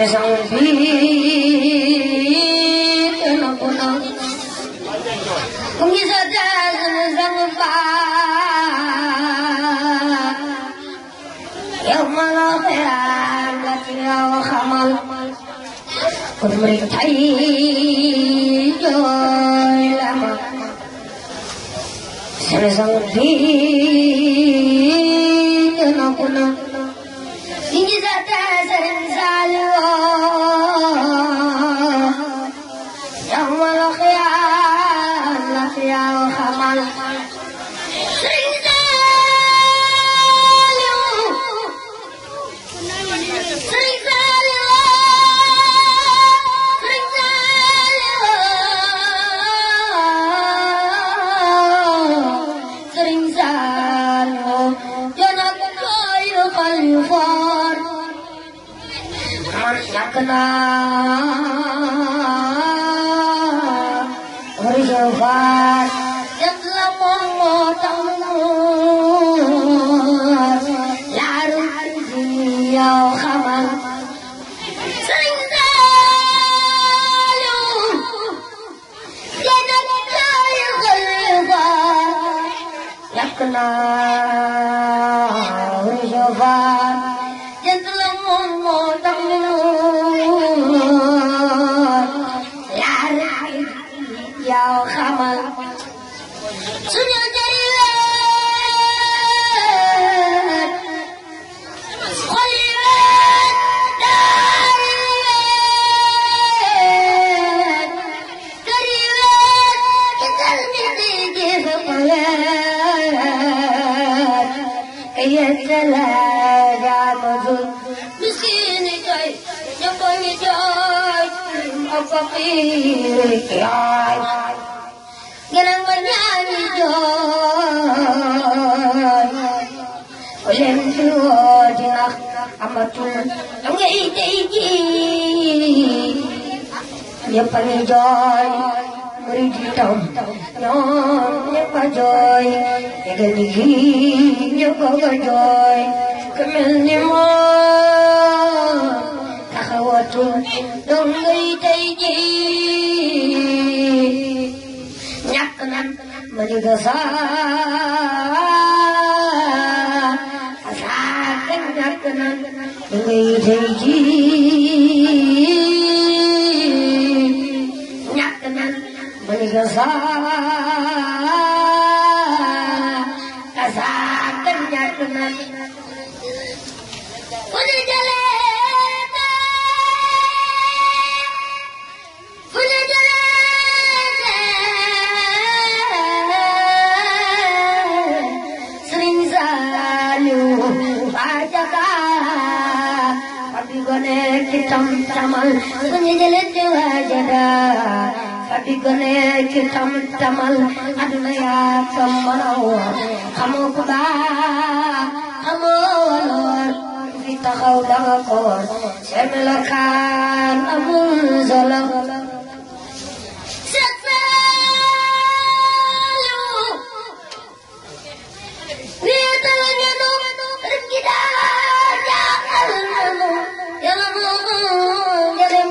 يزعم بي أنا قلنا قم يزداد مزمفا يوم الآخرة يا وخمل قد مريت عيد الأمل سنزور فيه ñàkk naa réseau Vaar yëpp la moom moo taw yaaru ji yow xamal. ñàkk naa. فقير ياي قلم ونعلي جاي ولم تواجه أمتنا لم يتيجي يبني جاي مريد تام نام يبقى جاي يغني يبقى جاي كمل نمار قوة dongay tey jii ñàkk na ma di gasaa gasaa kenn ñàkk na dongay tey jii ñàkk na tamal ku ñu jële ci tamal aduna yaa ko mënaw xamoo ku baax xamoo taxaw danga koor seen melokaan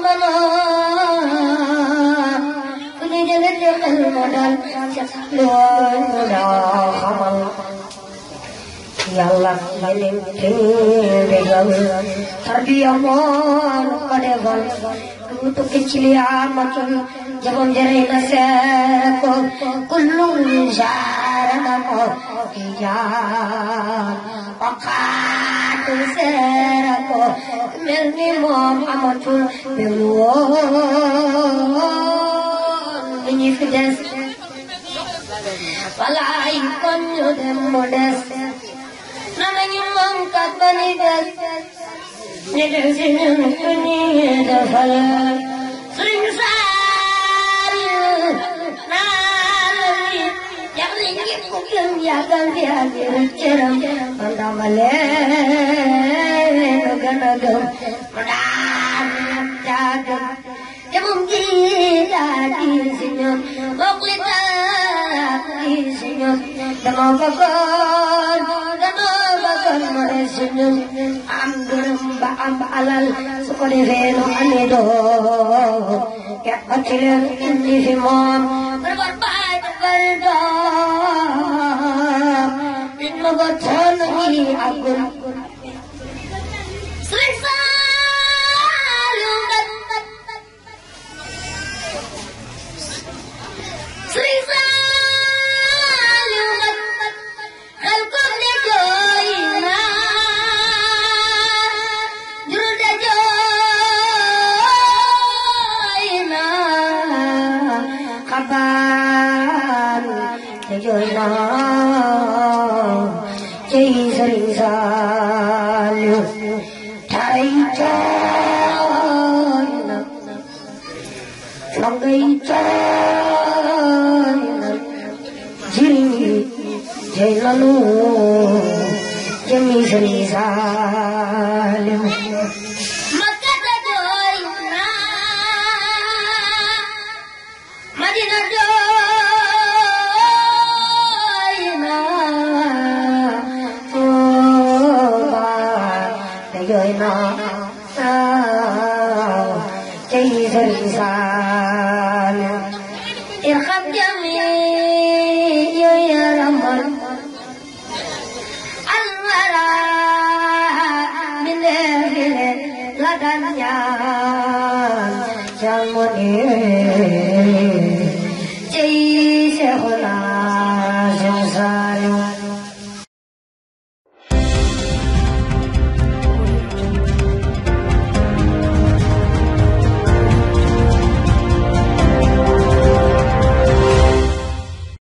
yàlla la leen teegal tarbiya moor ko degal du tukki ci li amatun jaboon jëriñ na seeko kullum jaara na ko ijaan waqaar ku seera ko mel ni moom amatul te woon li ñu fi des walaay kon ñu dem mu des nana ñu mankat ba ni des ñu dem si ñun ku ñu defal suñu saa لم يعقل فيها الكرم ونعم لين وقنقم ونعم تعقم يمم جيلا دي سنون وقلتا دي سنون دمو فقر دمو فقر مر سنون عم درم بعم على السقر فين وحمدو كعبت لين اني في مام بربر بعد بردو وتمحي العقل صرفال صرفال خلقه لجوينا جرد جوينا خبال لجوينا بيتان جلي جيلانو جمي سري سالم Joy na, ah, Jesus. kadanya Jangan ini Jai Syekhullah